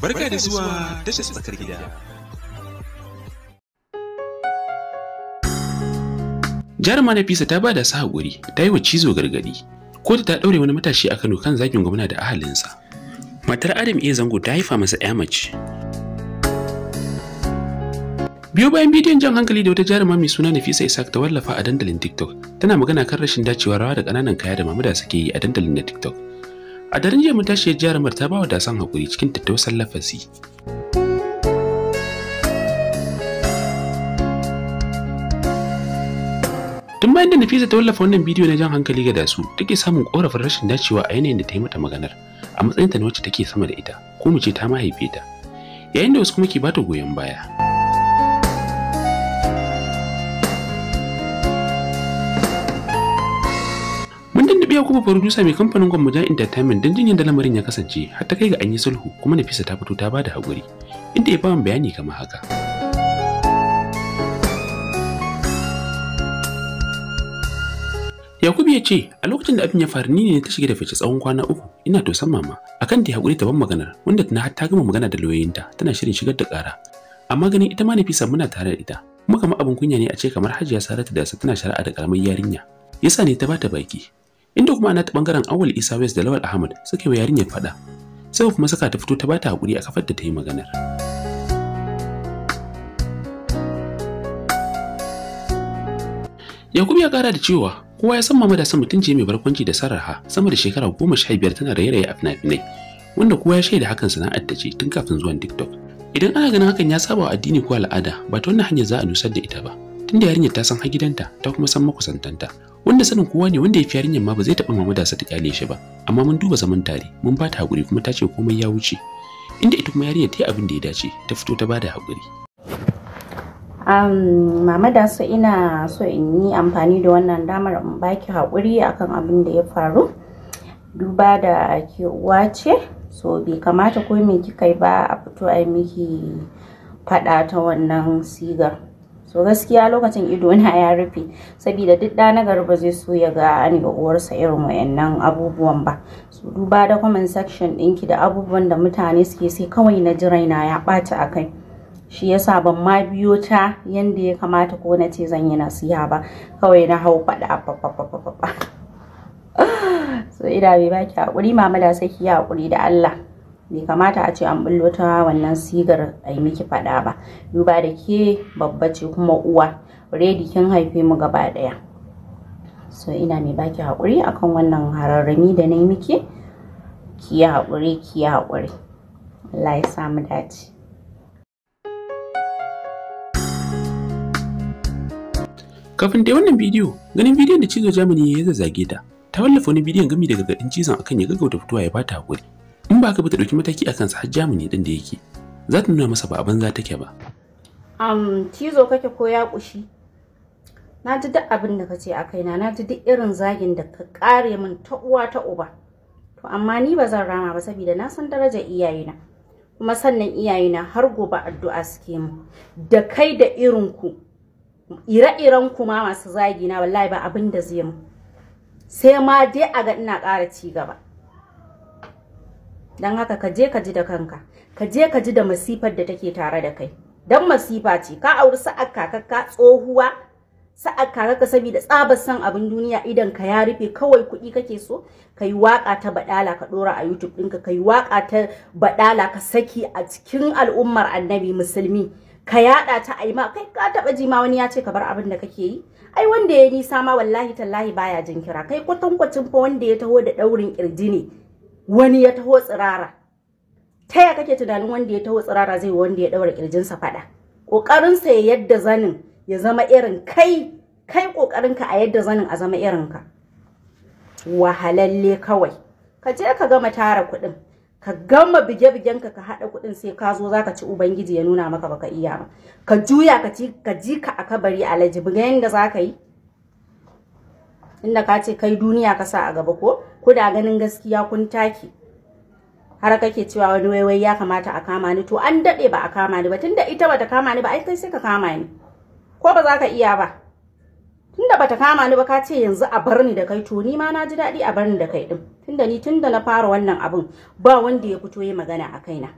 Barka da zuwa tashar tsakar gida. Jaruma Nafisa ta ba da sa haƙuri ta yi wa cizo gargaɗi. Kotu ta ɗaure wani matashi a Kano kan zagin gwamna da ahalinsa. Matar Adam e Zango ta haifa masa ‘ya mace. Biyo bayan bidiyon jan hankali da wata jaruma mai suna Nafisa Isaac ta wallafa a dandalin TikTok, tana magana kan rashin dacewa rawa da ƙananan kaya da mamuda suke yi a dandalin na TikTok. A daren jiya matashiyar jarumar ta ba wa dasan haƙuri cikin tattausan lafasi. Tun bayan da Nafisa ta wallafa wannan bidiyo na jan hankali ga dasu, take samun korafin rashin dacewa a yanayin da ta yi mata maganar, a matsayinta na wacce take sama da ita, ko mu ce ta mahaife ta. Yayin da wasu kuma ke bata goyon baya. Ya kuma producer mai kamfanin Gwamnatin Entertainment don jinyar da lamarin ya kasance har ta kai ga an yi sulhu kuma Nafisa ta fito ta bada haƙuri inda ya bawa bayani kamar haka. Yakubu ya ce a lokacin da abin ya faru ni ne ta shige da fice tsawon kwana uku ina tosan mama akan ta haƙuri ta ban maganar wanda tana har ta gama magana da lauyoyinta tana shirin shigar da ƙara amma ganin ita ma Nafisa muna tare da ita kuma kamar abin kunya ne a ce kamar Hajiya Saratu da tana shari'a da ƙaramar yarinya yasa ne ta bata baki inda kuma na ta bangaren awul isa west da lawal ahmad suka yi wa yarinyar fada sai kuma saka ta fito ta bata hakuri a kafar da ta yi maganar yakubu ya kara da cewa kowa ya san mama da san mutunci mai barkwanci da sarraha sama da shekara goma sha biyar tana raye-raye a fina-finai wanda kowa ya shaida hakan sana'ar ta ce tun kafin zuwan tiktok idan ana ganin hakan ya saba wa addini ko al'ada ba ta wannan hanyar za a nusar da ita ba tunda yarinyar ta san ha gidanta ta kuma san makusantanta wanda sanin kowa ne wanda ya fi yarinyar ma ba zai taɓa mamada sa ta kyale shi ba amma mun duba zaman tare mun ba ta haƙuri kuma ta ce komai ya wuce inda ita kuma yarinyar ta yi abin da ya dace ta fito ta ba da haƙuri. mama da su ina so in yi amfani da wannan damar in baki haƙuri akan abin da ya faru duba da ke uwa ce so bai kamata ko me kika ba a fito a miki faɗa ta wannan sigar so gaskiya lokacin ido na ya rufe saboda duk da na garba zai so ya ga an ga uwarsa irin wayannan abubuwan ba so duba da comment section ɗinki da abubuwan da mutane suke sai kawai na ji raina ya ɓata a kai shi yasa ban ma biyo ta yanda ya kamata ko na ce zan yi nasiha ba kawai na hau faɗa fafafafafa so ina bai baki haƙuri mama da saki hakuri haƙuri da Allah bai kamata a ce an bullo ta wannan sigar a yi miki faɗa ba duba da ke babba ce kuma uwa redi kin haife mu gaba ɗaya so ina mai baki haƙuri akan wannan hararrami da na yi miki ki yi haƙuri ki yi haƙuri Allah ya samu dace kafin dai wannan bidiyo ganin bidiyon da cizo jamani ya zage ta ta wallafa wani bidiyon gami daga gadin cizon akan ya gaggauta fitowa ya bata haƙuri in ba ka bi ta ɗauki mataki a kansa har ne ɗin da yake za ta nuna masa ba a banza take ba. Um, kizo kake ko ya ƙushi? Na ji duk abin da kace a kaina, na ji duk irin zagin da ka kare min ta uwa ta uba. To amma ni ba zan rama ba saboda na san darajar iyayena. Kuma sannan iyayena har gobe addu'a suke mu. Da kai da irinku, ire-iren kuma masu zagina wallahi ba abin da zai mu. Sai ma dai a ga ina ƙara ci gaba. don haka ka je ka ji da kanka ka je ka ji da masifar da take tare da kai don masifa ce ka auri sa'ar kakakka tsohuwa sa'ar kakakka saboda tsabar san abin duniya idan ka ya rufe kawai kuɗi kake so ka yi waƙa ta baɗala ka ɗora a youtube ɗinka ka yi waƙa ta baɗala ka saki a cikin al'ummar annabi musulmi ka yaɗa ta a ma kai ka taɓa ji ma wani ya ce ka bar abin da kake yi ai wanda ya nisa ma wallahi tallahi baya jin kira kai kwatankwacin fa wanda ya taho da ɗaurin ƙirji ne wani ya taho tsirara ta ya kake tunanin wanda ya taho tsirara zai wanda ya daura kirjinsa fada ƙoƙarinsa ya yadda zanin ya zama irin kai kai ka a yadda zanin a zama irin ka. wahalalle kawai ka je ka gama tara kuɗin ka gama bige-bigenka ka haɗa kuɗin sai ka zo zaka ci ubangiji ya nuna maka baka iya ba ka juya ka ji ka a kabari alaji buga yadda za ka yi inda ka ce kai duniya ka sa a gaba ko kuda da ganin gaskiya kun taki har kake cewa wani waiwai ya kamata a kama ni to an daɗe ba a kama ni ba tunda ita bata kama ni ba ai kai sai ka kama ni ko ba za ka iya ba tunda bata kama ni ba ka ce yanzu a bar ni da kai to ni ma na ji daɗi a bar ni da kai din tunda ni tunda na fara wannan abun ba wanda ya fito ya magana a kaina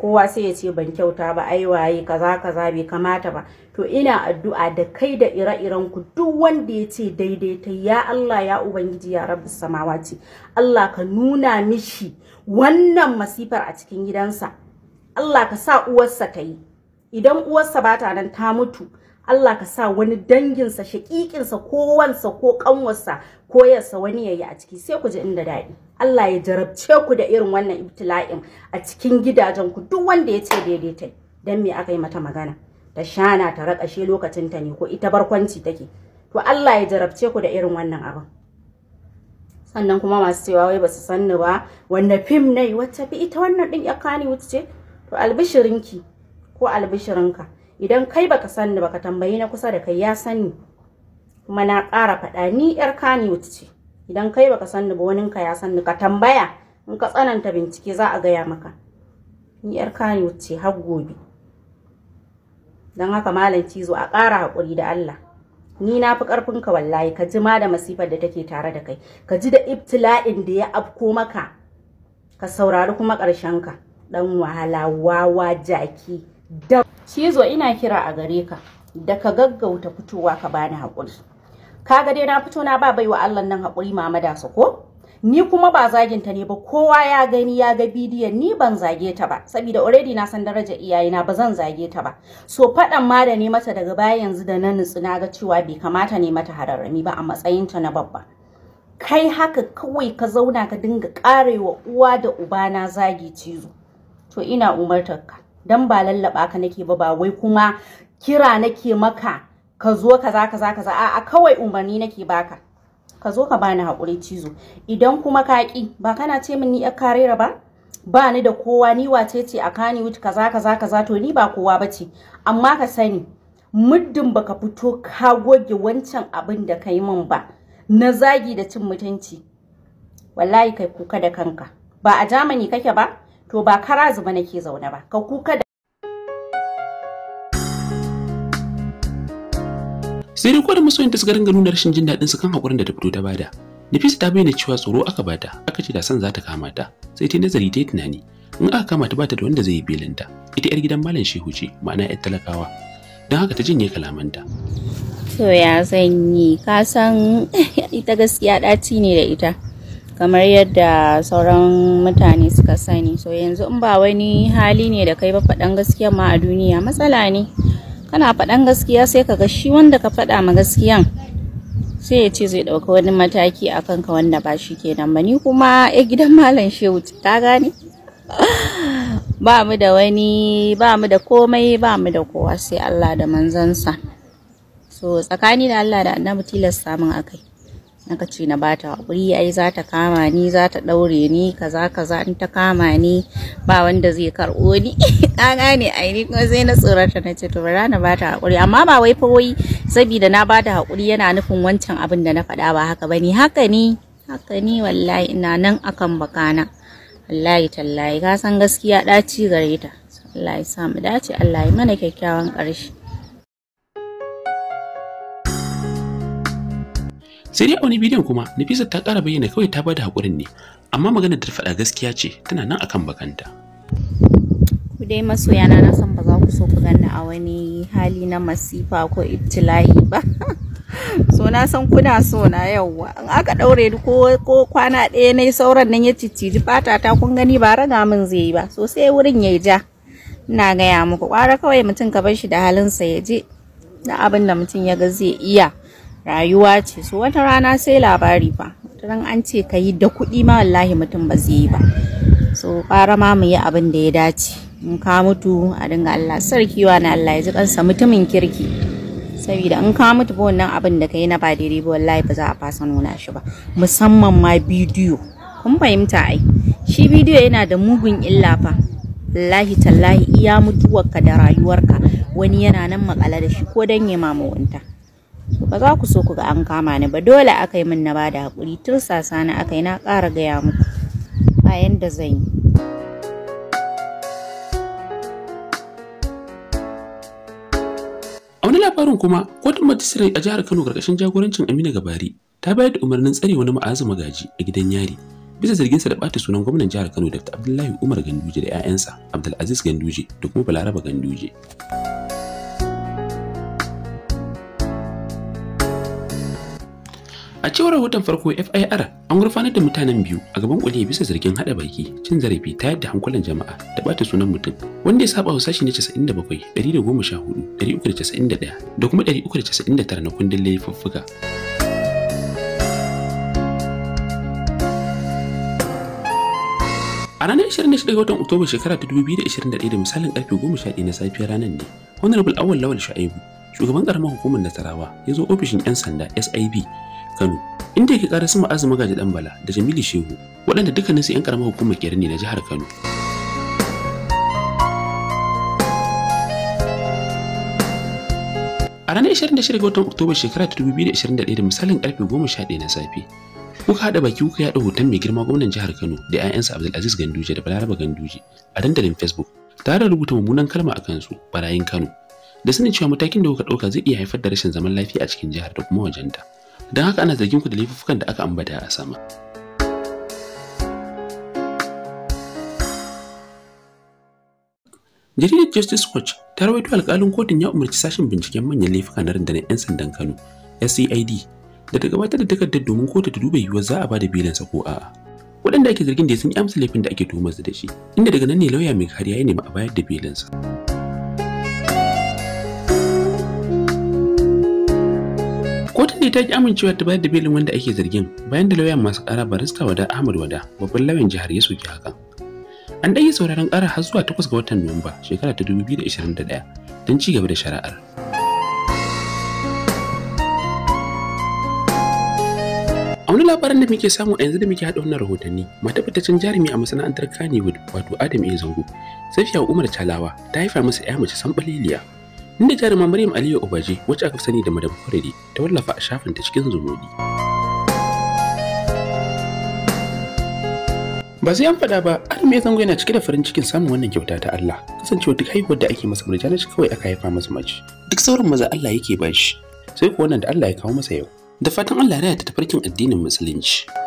kowa sai ya ce ban kyauta ba ai waye kaza kaza bai kamata ba to ina addu'a da kai da ire-iren ku duk wanda ya ce daidai ta ya Allah ya ubangiji ya rabu samawati Allah ka nuna mishi wannan masifar a cikin gidansa Allah ka sa uwarsa ta yi idan uwarsa ba ta nan ta mutu Allah ka sa wani danginsa shaƙiƙinsa ko wansa ko ƙanwarsa ko yarsa wani yayi a ciki sai ku ji inda daɗi Allah ya jarabce ku da irin wannan ibtila'in a cikin gidajen ku duk wanda ya ce daidaita dan me aka yi mata magana ta shana ta raƙashe lokacin ta ne ko ita barkwanci take to Allah ya jarabce ku da irin wannan abin sannan kuma masu cewa wai su san ni ba wanda fim ne wata fi ita wannan din ya kani wuce ce to albishirinki ko albishirinka idan kai baka sani baka tambayi na kusa da kai ya sani kuma na ƙara faɗa ni yar kaniwut ce idan kai baka sani ba ka ya sani ka tambaya in ka tsananta bincike za a gaya maka ni yar kaniwut ce har gobe don haka malam cizo a ƙara hakuri da Allah ni na fi ka wallahi ka ji ma da masifar da take tare da kai ka ji da ibtila'in da ya afko maka ka saurari kuma ka ɗan wahala wawa jaki da cizo ina kira a gare ka da ka gaggauta fitowa ka bani haƙuri kaga dai na fito na ba baiwa Allah nan haƙuri mama da su ko ni kuma ba zaginta ne ba kowa ya gani ya ga bidiyon ni ban zage ta ba saboda already na san daraja iyayena ba zan zage ta ba so faɗan ma da ne mata daga baya yanzu da na nutsu na ga cewa bai kamata ne mata hararrami ba a matsayinta na babba kai haka kawai ka zauna ka dinga ƙarewa uwa da uba na zagi cizo to ina umartar ka dan ba lallaba ka nake ba ba wai kuma kira nake maka ka zo ka ka za za ka za! a'a kawai umarni nake baka ka zo ka bani haƙuri cizo idan kuma ka ƙi ba kana ce min ni yar karera ba ba ni da kowa ni wace ce a kani wuce za ka za, to ni ba kowa bace. amma ka sani muddin baka fito ka goge wancan abin da ka yi min ba na zagi da cin mutunci wallahi kai kuka da kanka ba a jamani kake ba to ba kara zuba nake zaune ba ka kuka da sai dai da masoyinta suka ringa nuna rashin jin daɗin su kan haƙurin da ta fito ta bada Nafisa ta bayyana cewa tsoro aka bata aka ce da san za ta kama ta sai ta nazari ta yi tunani in aka kama ta bata da wanda zai yi belinta ita yar gidan malam shehu ce ma'ana yar talakawa don haka ta jinye kalamanta to ya zan yi ka san ita gaskiya ɗaci ne da ita kamar yadda sauran mutane suka sani so yanzu in ba wani hali ne da kai ba faɗan gaskiya ma a duniya matsala ne kana faɗan gaskiya sai ka ga shi wanda ka faɗa ma gaskiyan sai ya ce zai ɗauka wani mataki a kanka wanda ba shi ke nan ba ni kuma ya gidan malam shehu ta gane ba mu da wani ba mu da komai ba mu da kowa sai Allah da manzansa so tsakani da Allah da annabi tilasta min akai na ce na bata hakuri ai za ta kama ni za ta daure ni kaza kaza in ta kama ni ba wanda zai karbo ni ka gane ai ni kuma sai na tsorata na ce to bara na bata hakuri amma ba wai fa wai saboda na bata hakuri yana nufin wancan abin da na faɗa ba haka bane haka ne haka ne wallahi ina nan akan bakana wallahi tallahi ka san gaskiya ɗaci gare ta wallahi sa mu dace Allah ya mana kyakkyawan ƙarshe sai dai a wani bidiyon kuma nafisa ta ƙara bayyana kawai ta bada haƙurin ne amma magana da ta faɗa gaskiya ce tana nan akan bakanta ku dai masoya na na san ba za ku so ku ganna a wani hali na masifa ko ibtilahi ba so na san kuna so na yauwa in aka ɗaure ni ko kwana ɗaya na sauran nan ya cicciji fata ta kun gani ba raga min zai yi ba so sai wurin ya ja ina gaya muku ƙwara kawai mutum ka bar shi da halinsa ya je na abin da mutum ya ga zai iya rayuwa ce so wata rana sai labari fa ran an ce ka yi da kuɗi ma wallahi mutum ba zai yi ba so ƙara ma mu yi abin da ya dace in ka mutu a dinga Allah sarki na Allah ya ji kansa mutumin kirki saboda in ka mutu ba wannan abin da ka na ba daidai ba wallahi ba za a fasa nuna shi ba musamman ma bidiyo kun fahimta ai shi bidiyo yana da mugun illa fa wallahi tallahi iya mutuwarka da rayuwarka wani yana nan makala da shi ko dan ya wanta ba za ku so ku ga an kama ni ba dole aka yi min na ba da hakuri tun sasana aka yi na ƙara gaya muku bayan da zan yi a wani labarin kuma kotun majisirai a jihar kano karkashin jagorancin amina gabari ta bayar da umarnin tsare wani ma'azu magaji a gidan yari bisa sa da ɓata sunan gwamnan jihar kano dr abdullahi umar ganduje da 'ya'yansa abdulaziz ganduje da kuma balaraba ganduje A cewar rahoton farko FIR an gurfanar da mutanen biyu a gaban kuliya bisa zargin hada baki, cin zarafi ta yadda hankulan jama'a da bata sunan mutum wanda ya saba wa sashi ne 97, 114, 391 da kuma 399 na kundin laifuffuka. A ranar 26 ga watan Oktoba shekara ta 2021 da misalin karfe 11 na safiyar ranar ne, Honorable Awal Lawal Shu'aibu, shugaban karamar hukumar Nasarawa, ya zo ofishin 'yan sanda SIB Kano inda yake ƙara sama azumi gaji dan bala da Jamilu Shehu waɗanda dukkanin su 'yan ƙaramar hukumar Kyari ne na jihar Kano. A ranar 26 ga watan Oktoba shekara 2021 da misalin karfe 11 na safe kuka haɗa baki kuka yaɗa hoton mai girma gwamnan jihar Kano da 'ya'yansa Abdulaziz Ganduje da Balaraba Ganduje a dandalin Facebook tare da rubuta mummunan kalma a kansu barayin Kano da sanin cewa matakin da kuka ɗauka zai iya haifar da rashin zaman lafiya a cikin jihar da kuma wajenta. don haka ana zargin ku da laifukan da aka ambata a sama jaridar justice watch ta rawaito alkalin kotun ya umarci sashen binciken manyan laifuka na rundunar 'yan sandan kano scid da ta gabatar da takardar domin kotu ta duba yiwuwar za a ba da bilansa ko a'a waɗanda ake zargin da sun amsa laifin da ake tuhumar su da shi inda daga nan ne lauya mai kariya ya nemi a bayar da sa ta ki amincewa ta bayar da belin wanda ake zargin bayan da lauyan masu ƙara barista wada Ahmad wada babban lauyan jihar ya soki hakan. An ɗage sauraron ƙara har zuwa takwas ga watan Nuwamba shekara ta 2021 don ci gaba da shari'ar. A wani labarin da muke samu a yanzu da muke haɗa wannan rahotanni, mata jarumi a masana'antar kanewood wato Adam A. Zango, Safiya Umar Talawa ta haifa masa 'ya mace sanɓaliliya. inda jaruma Maryam Aliyu Obaje wacce aka sani da Madam Kurede ta wallafa a shafinta cikin zumudi. Ba sai an faɗa ba, Adam ya zango yana cike da farin cikin samun wannan kyauta ta Allah, kasancewa duk haihuwar da ake masa murjana shi kawai aka haifa masa mace. Duk sauran maza Allah yake ba shi, sai kuwa wannan da Allah ya kawo masa yau. Da fatan Allah ya raya ta tafarkin addinin Musulunci.